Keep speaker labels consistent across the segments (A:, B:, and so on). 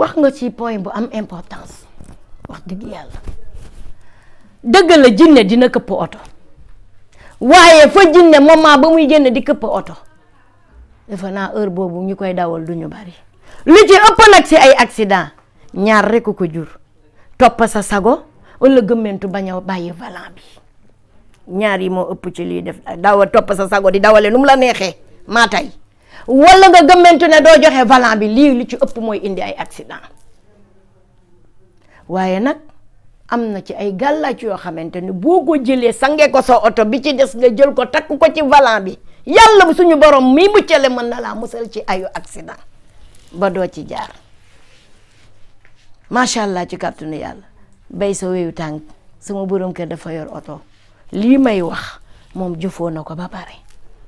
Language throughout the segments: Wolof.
A: wax nga ci point bu am importance wax dëgg yàlla dëgg la jinne dina këpp oto waaye fa jinne moment ba muy génn di këpp oto defa naa heure boobu ñu koy dawal du ñu bari lu ci ëpp nag si ay accident ñaar rek ko jur topp sa sago wala gëmmentu ba a bàyyi volant bi ñaar yi moo ëpp ci lii def dawa topp sa sago di dawale nu mu la neexee maa yi wala nga gëmmantu ne doo joxe volant bi lii lu ci ëpp mooy indi ay accident waaye nag am na ci ay gàllaaj yoo xamante ni boo ko jëlee sange ko sa oto bi ci des nga jël ko takk ko ci volant bi yàlla suñu borom mii mu muccale mën na laa musal ci ayu accident ba doo ci jaar macha allah ci kàttanu yàlla bay sa weyu tànk sama borom kër dafa yor oto lii may wax moom jëfoo na ko ba pare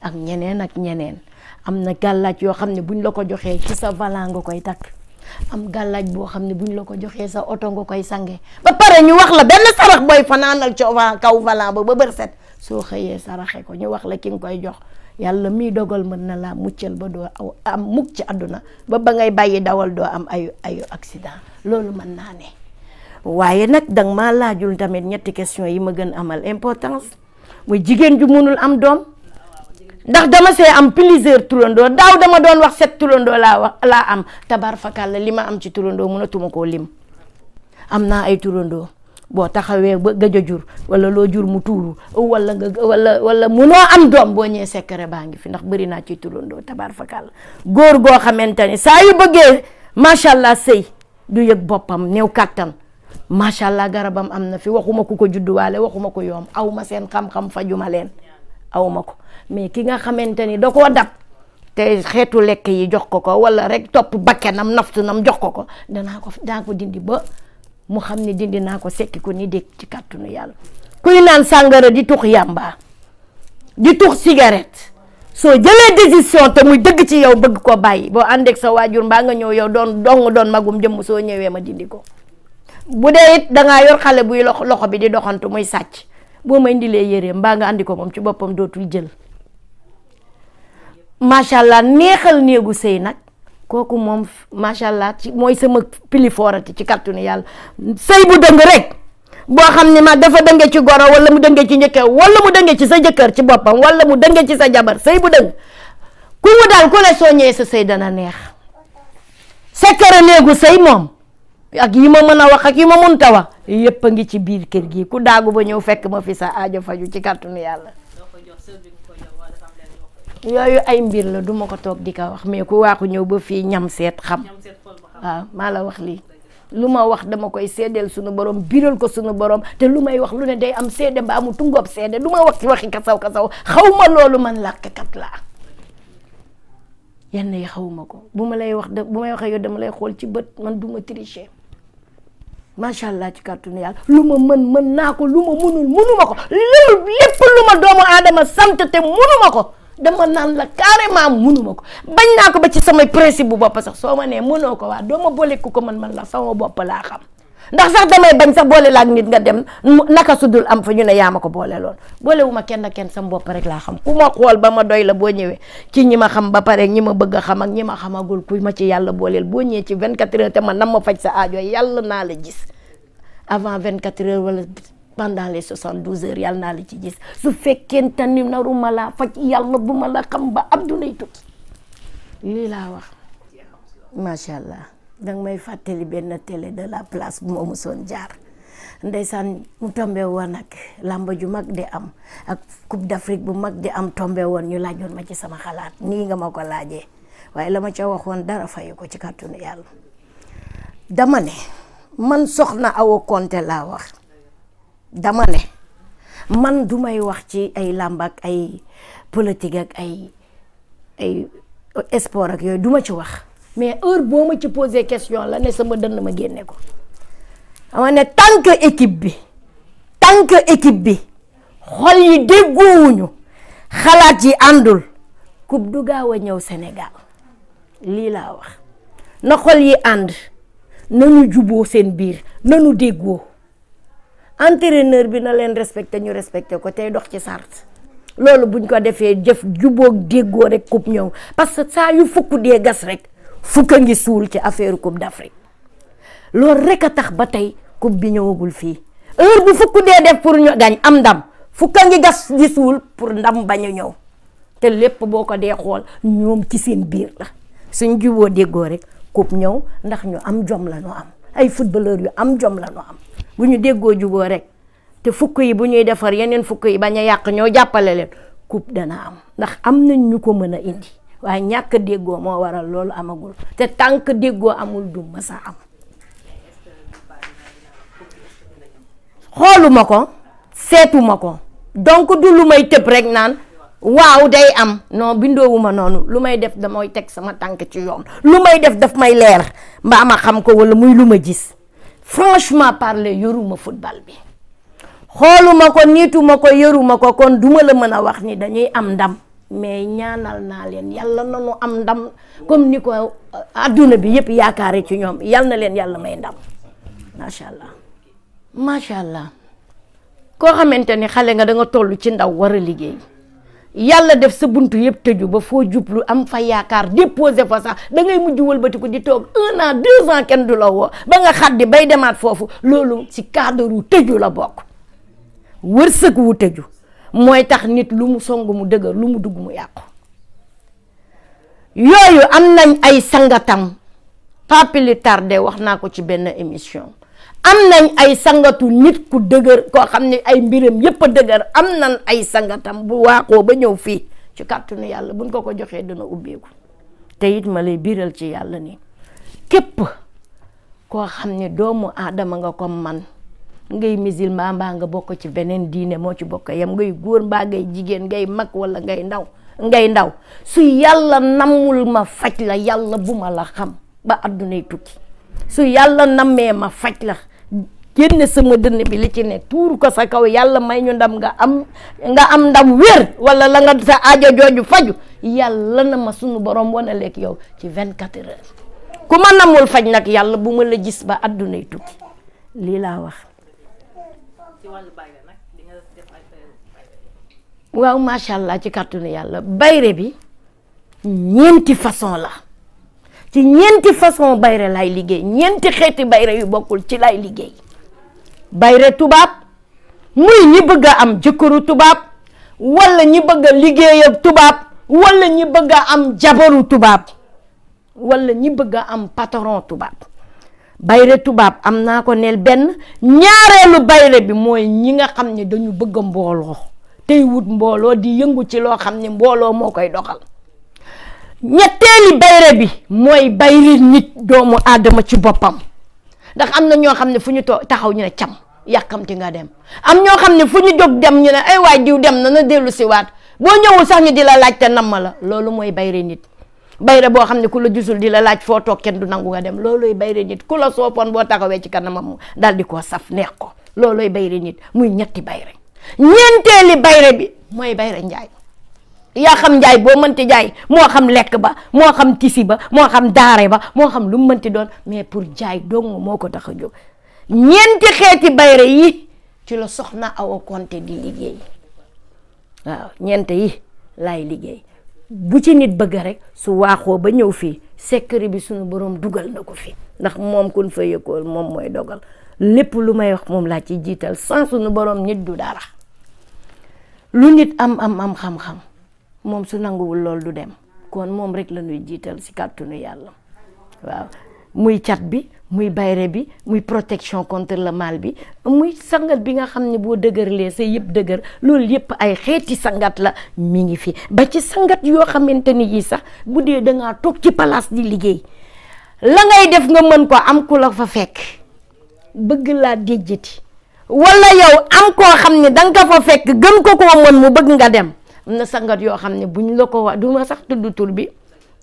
A: ak ñeneen ak ñeneen am na gàllaaj yoo xam ne bu ñu la ko joxee ci sa valan nga koy takk am gàllaaj boo xam ne buñ la ko joxee sa oto nga koy sange ba pare ñu wax la benn sarax booy fanaanal coovan kaw valan ba ba bër set soo xëyee saraxee ko ñu wax la ki nga koy jox yàlla mii dogal mën na laa muccal ba doo aw am mukk ci àdduna ba ba ngay bàyyi dawal doo am ayu ayu accident loolu mën naa ne waaye nag danga maa laajul tamit ñetti question yi ma gën amal importance muy jigéen ju mënul am doom ndax dama see am plusieurs turandoo daaw dama doon wax set turandoo laa wax laa am tabar fakal la li ma am ci turandoo mënatuma koo lim am naa ay turandoo boo taxawee ba gëj jur wala loo jur mu tuuru wala nga wala wala munoo am doom boo ñëwee secret baa ngi fi ndax bëri naa ci turandoo tabar fakal góor goo xamante ni saa yu bëggee macha allah sëy du yëg boppam néew kàttan macha allah garabam am na fi waxuma ku ko judduwaale waxuma ko yoom aw ma seen xam-xam fajuma leen. awma ko mais ki nga xamante ni da koo dab te xeetu lekk yi jox ko ko wala rek topp bakkanam naftunam jox ko ko danaa ko danaa ko dindi ba mu xam ne dindi naa ko sekki ko ni dégg ci kàttanu yàlla kuy naan sàngara di tux yàmba di tux cigarette soo jëlee décision te muy dëgg ci yow bëgg ko bàyyi boo àndeeg sa waajur mbaa nga ñëw yow doon dong doon magum jëmm soo ñëwee ma dindi ko bu dee dangaa yor xale buy loxo loxo bi di doxantu muy sàcc boo ma indilee yére mbaa nga andi ko moom ci boppam dootul jël macha allah neexal néegu sëy nag kooku moom macha allah ci mooy sama pilifoorati ci kàttanu yàlla sëy bu dëng rek boo xam ne ma dafa dënge ci goro wala mu dënge ci njëkkër wala mu dënge ci sa jëkkër ci boppam wala mu dënge ci sa jabar sëy bu dëng ku mu daal ku la sooñee sa sëy dana neex sekkara néegu sëy moom ak yi ma mën a wax ak yi ma mënta wax yépp a ngi ci biir kër gi ku daagu ba ñëw fekk ma fi sa ajo faju ci kàttanu yàlla yooyu ay mbir la duma ko toog di ko wax mais ku waaxu ñëw ba fii ñam seet xam waaw maa la wax lii lu ma wax dama koy seddal suñu borom biral ko suñu borom te lu may wax lu ne day am seede mbaa mu tungoob seede du ma wax ci waxi kasaw kasaw ma loolu man làkkat laa yenn yi xawma ko bu ma lay wax da bu may waxee yow dama lay xool ci bët man duma tricher macha allah ci kàttanu yàlla lu ma mën mën naa ko lu ma mënul mënuma ko loolu lépp lu ma doomu aadama sant te mënuma ko dama naan la carrément mënuma ko bañ naa ko ba ci samay principe bu bopp sax soo ma nee mënoo ko waa doo ma ku ko man man la sama bopp laa xam ndax sax damay bañ sax boole laak nit nga dem naka sudul am fa ñu ne yaa ma ko boole lool boole ma kenn kenn sam bopp rek laa xam ku ma xool ba ma doy la boo ñëwee ci ñi ma xam ba pare ñi ma bëgg xam ak ñi ma xamagul ku ma ci yàlla booleel boo ñëwee ci 24 heures te ma nam ma faj sa aajo yàlla naa la gis avant vingt 24 heures wala pendant les 72 heures yàlla naa la ci gis su fekkente ni naruma laa faj yàlla bu ma la xam ba abdunay tukki lii laa wax macha allah. danga may fàttali benn télé de la place bu ma musoon jaar ndeysaan mu tombe woon ak làmba ju mag di am ak coupe d'Afrique bu mag di am tombe woon ñu laajoon ma ci sama xalaat nii nga ma ko laajee waaye la ma ca waxoon dara fayu ko ci kàttanu yàlla dama ne man soxna Awa Konté laa wax dama ne man du may wax ci ay làmb ak ay politique ak ay ay sport ak yooyu duma ci wax mais heure boo ma ci posé question la ne sama dënn ma génne ko ama ne tant équipe bi tant que équipe bi xol yi déggoowuñu xalaat yi àndul coupe du gaaw a ñëw senegal lii laa wax na xol yi ànd nañu juboo seen biir nañu déggoo entraîneur bi na leen respecté ñu respecté ko tey dox ci sart loolu buñ ko defee jëf juboo déggoo rek coupe ñëw parce que saa yu fukk dee gas rek fukk ngi suul ci affaire coupe d'Afrique loolu rekk a tax ba tey coupe bi ñëwagul fii heure bu fukk dee def pour ñu gañ am ndam fukka ngi gas di suul pour ndam bañ a ñëw te lépp boo ko dee xool ñoom ci seen biir la suñ juboo déggoo rek coupe ñëw ndax ñu am jom la ñu am ay footballeur yu am jom la ñu am bu ñu déggoo juboo rek te fukk yi bu ñuy defar yeneen fukk yi bañ a yàq ñoo jàppale leen coupe dana am ndax am nañ ñu ko mën a indi waaye ñàkk déggoo moo waral loolu amagul te tànk déggoo amul du ma sa am xooluma ko seetuma ko donc du lu may tëb rek naan waaw day am non bindoowuma noonu lu may def damay teg sama tànk ci yoon lu may def daf may leer mbaa ma xam ko walla muy lu ma gis franchement parler yoruma football bi xooluma ko niituma ko yoruma ko kon duma la mën a wax ni dañuy am ndam mais ñaanal naa leen yàlla na nu am ndam comme ni ko euh, adduna bi yëpp yaakaare ci ñoom yàlla na leen yàlla may ndam macha allah macha allah koo xamante ni xale nga danga tollu ci ndaw war a liggéey yàlla def sa bunt yëpp tëju ba foo jublu am fa yaakaar déposé fa sax da ngay mujj wëlbatiku di toog un an deux ans kenn du la woo ba nga xaddi bay demaat foofu loolu ci cadre tëju la bokk wërsëg wu tëju. mooy tax nit lu mu song mu dëgër lu mu dugg mu yàqu yooyu am nañ ay sangatam pas plus wax naa ko ci benn émission am nañ ay sangatu nit ku dëgër koo xam ne ay mbiram yépp a dëgër am nañ ay sangatam bu waaxoo ba ñëw fii ci kàttanu yàlla buñ ko ko joxee dana ubbeeku te it ma lay biral ci yàlla ni képp koo xam ne doomu aadama nga ko man ngay musulman baa nga bokk ci beneen diine moo ci bokk yam ngay góor mbaa ngay jigéen ngay mag wala ngay ndaw ngay ndaw su yàlla namul ma faj la yàlla bu ma la xam ba addunay tukki su yàlla nammee ma faj la génne sama dënn bi li ci ne tuur ko sa kaw yàlla may ñu ndam nga am nga am ndam wér wala la nga sa aajo jooju faju yàlla na ma sunu borom wana lekk yow ci vingt quatre heures ku ma faj nag yàlla bu ma la gis ba addunay tukki lii ci wàllu euh, waaw macha allah ci kàttanu yàlla bayre bi ñeenti façon la ci ñeenti façon bayre lay liggéey ñeenti xeeti bayre yu bokkul ci lay liggéey bayre tubaab muy ñi bëgg a am jëkkëru tubaab wala ñi bëgg a liggéey ak tubaab wala ñi bëgg a am jabaru tubaab walla ñi bëgg a am pataron tubaab bayre tubaab am naa ko neel benn ñaareelu bayre bi mooy ñi nga xam ne dañu bëgg mbooloo tey wut mbooloo di yëngu ci loo xam ne mbooloo moo koy doxal ñetteeli bayre bi mooy bayre nit doomu aadama ci boppam ndax am na ñoo xam ne fu ñu too taxaw ñu ne cam yàkkamti nga dem am ñoo xam ne fu ñu jóg dem ñu ne ay waay diw dem na na dellu siwaat boo ñëwul sax ñu di la laajte namm la loolu mooy bayre nit bayre boo xam ne ku la gisul di la laaj foo toog kenn du nangu nga dem looloy bayre nit ku la soofoon boo taxawee ci kanamam daal di koo saf neex ko looloy bayre nit muy ñetti bayre ñeenteeli bayre bi mooy bayre njaay yaa xam njaay boo mënti jaay moo xam lekk ba moo xam tisi ba moo xam daare ba moo xam lu mënti doon mais pour jaay dong moo ko tax a jóg ñeenti xeeti bayre yi ci la soxna Awa Konté di liggéey waaw ñeent yi laay liggéey bu ci nit bëgg rek su waaxoo ba ñëw fii secret bi suñu borom dugal na ko fi ndax moom kun fa yëkkool moom mooy dogal lépp lu may wax moom laa ci jiital sans suñu borom nit du dara lu nit am am am xam-xam moom su nanguwul lool du dem kon moom rek la jiital si kàttanu yàlla waaw muy cat bi muy bayre bi muy protection contre le mal bi muy sangat bi nga xam ne boo dëgërlee sa yëpp dëgër loolu yëpp ay xeeti sangat la mu ngi fi ba ci sangat yoo xamante ni yi sax bu dee da toog ci palaas di liggéey la ngay def nga mën ko am ku la fa fekk bëgg laa déjjati wala yow am koo xam ne da nga ko fa fekk gën ko koo mën mu bëgg nga dem am na sangat yoo xam ne buñ la ko wax du ma sax tudd tur bi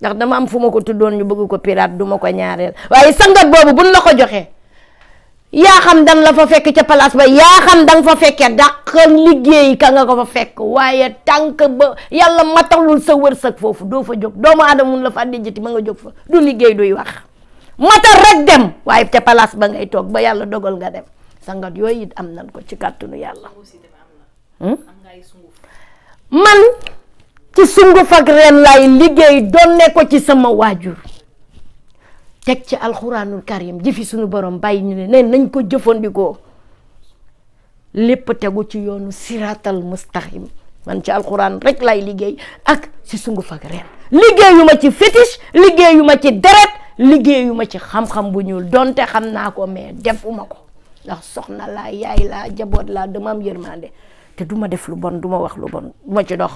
A: ndax dama am fu ma ko tuddoon ñu bëgg ko pirate du ma ko ñaareel waaye sangat boobu buñ la ko joxee yaa xam dan la fa fekk ca place ba yaa xam dan fa fekkee dàq liggéey ka nga ko fa fekk waaye tànk ba yàlla matalul sa wërsëg foofu doo fa jóg doomu aadama mun la fa àddi jëti ma fa du liggéey duy wax matal rek dem waaye ca place ba ngay toog ba yàlla dogal nga dem sangat yooyu it am nan ko ci kàttanu yàlla hmm? man ci sunguf ak reen laay liggéey donne ko ci sama waajur teg ci alxuraanul karim jifi suñu borom bàyyi ñu ne ne nañ ko jëfandikoo lépp tegu ci yoonu siraatal mustaqim man ci alxuraan rek laay liggéey ak ci sunguf ak reen liggéeyu ma ci fétiche liggéeyu ma ci deret liggéeyuma ci xam-xam bu ñuul donte xam naa ko mais defuma ko ndax soxna laa yaay laa jaboot laa dama am yërmande te duma def lu bon duma wax lu bon duma ci dox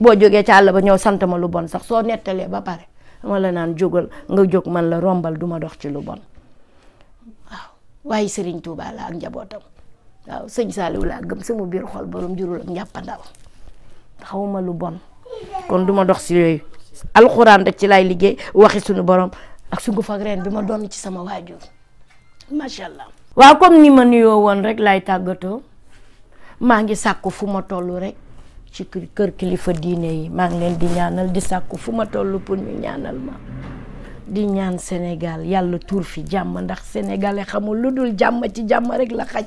A: boo jógee ci àll ba ñëw sant ma lu bon sax soo nettalee ba pare ma la naan jógal nga jóg man la rombal duma dox ci lu bon waaw waaye Serigne Touba la ak njabootam waaw sëñ Saliou laa gëm sama biir xol borom jurul ak lu bon kon duma dox si yooyu alxuraan rek ci laay liggéey waxi suñu borom ak su guf ak reen bi ma doon ci sama waajur macha allah. waaw comme ni ma nuyoo woon rek laay tàggatoo maa ngi sàkk fu ma toll rek. ci kër kilifa diine yi maa ngi leen di ñaanal di sàkku fu ma toll pour ñu ñaanal ma di ñaan Sénégal yàlla tuur fi jàmm ndax sénégalais xamul lu dul jàmm ci jàmm rek la xaj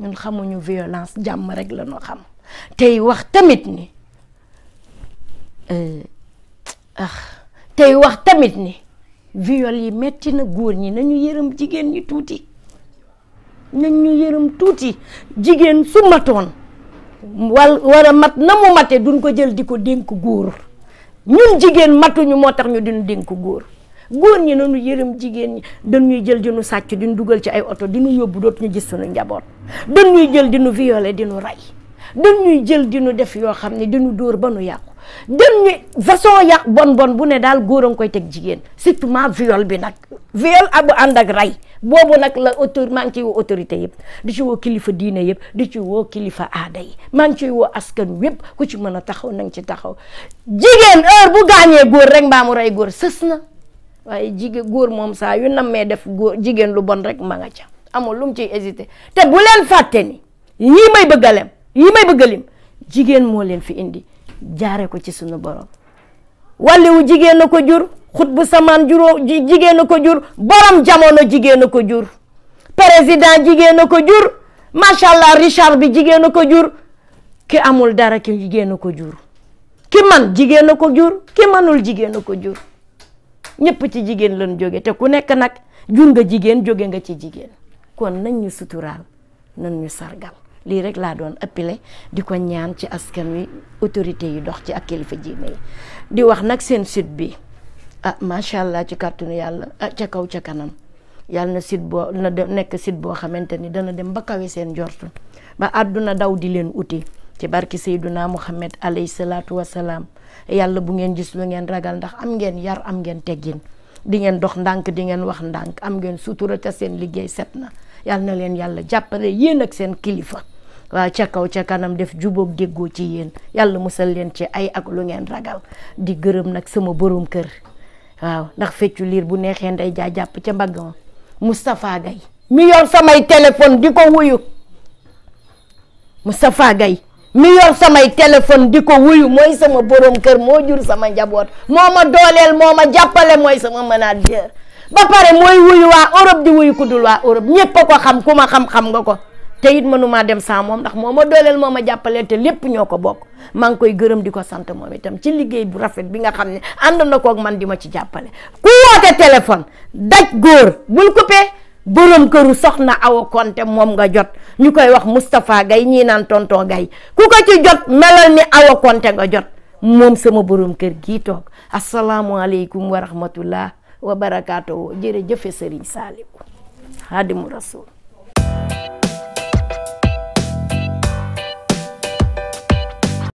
A: ñun xamuñu violence jàmm rek la ñu xam tey wax tamit ni euh, ah tey wax tamit ni viol yi metti na góor ñi nañu yërëm jigéen ñi tuuti nañu yërëm tuuti jigéen su matoon wal war mat na mu mate duñ ko jël di ko dénk góor ñun jigéen matuñu moo tax ñu dinu dénk góor góor ñi nanu yërëm jigéen ñi dañuy jël dinu sàcc dinu dugal ci ay oto dinu yóbbu dootu ñu gis suñu njaboot dañuy jël dinu violé dinu rey dañuy jël dinu def yoo xam ne dinu dóor ba nu yàqu dem ni façon yàq bon bon bu ne daal góor a ngi koy teg jigéen surtout viol bi nag viol abu ànd ak rey boobu nag la autorité maa ngi ciy woo autorité yëpp di ci woo kilifa diine yëpp di ci woo kilifa aada yi maa ngi ciy woo askan yëpp ku ci mën a taxaw na nga ci taxaw jigéen heure bu gaañee góor rek mbaa mu rey góor sës na waaye jigéen góor moom saa yu nammee def góor jigéen lu bon rek ma nga ca amul lu mu ciy hésité te bu leen fàtte ni yii may bëgg a lem yii jigéen moo leen fi indi jaare ko ci sunu borom wàlliwu jigéen ko jur xut bu samaan juróo jigéen a ko jur borom jamono jigéen ko jur président jigéen ko jur macha allah Richard bi jigéen ko jur ki amul dara ki jigéen ko jur ki man jigéen ko jur ki manul jigéen ko jur ñépp ci jigéen lañ jóge te ku nekk nag jur nga jigéen jóge nga ci jigéen kon nañ ñu suturaal nañ ñu sargal lii rek laa doon ëppile di ko ñaan ci askan wi autorité yi dox ci ak kilifa diine yi di wax nag seen site bi ah macha allah ci kàttanu yàlla ah ca kaw ca kanam yàlla na site boo na nekk site boo xamante ni dana dem ba kawe seen jortu ba àdduna daw di leen uti ci barki Seyduna Muhammad alayhi salaatu wasalaam yàlla bu ngeen gis lu ngeen ragal ndax am ngeen yar am ngeen teggin di ngeen dox ndànk di ngeen wax ndànk am ngeen sutura te seen liggéey set na yàlla na leen yàlla jàppale yéen ak seen kilifa waaw ca kaw ca kanam def jubóog déggoo ci yéen yàlla musal leen ci ay ak lu ngeen ragal di gërëm nag sama borom kër waaw ndax feccu liir bu neexee nday jaa jàpp ca mbaggam mustafaa Gaye mi yor samay téléphone di ko wuyu samay téléphone di ko wuyu mooy sama borom kër moo jur sama njaboot moo ma dooleel moo ma jàppale mooy sama manager ba pare mooy wuyu waa Europe di wuyu ku dul waa Europe ñépp ko xam ku ma xam-xam nga ko te it mënumaa dem sans moom ndax moo ma dooleel moo ma jàppaleel te lépp ñoo ko bokk maa ngi koy gërëm di ko sant moom itam ci liggéey bu rafet bi nga xam ne ànd na kook man di ma ci jàppale ku woote téléphone daj góor bul coupé borom këru soxna Awa Konte moom nga jot ñu koy wax mustafaa gay ñii naan tonton gay ku ko ci jot melal ni Awa nga jot moom sama borom kër kii toog asalaamualeykum wa rahmatullah wa barakaatu jërëjëfe Serigne Saliou Hadimu Rasul